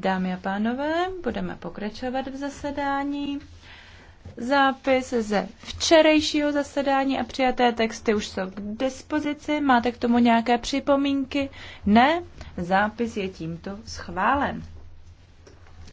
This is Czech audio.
Dámy a pánové, budeme pokračovat v zasedání. Zápis ze včerejšího zasedání a přijaté texty už jsou k dispozici. Máte k tomu nějaké připomínky? Ne? Zápis je tímto schválen.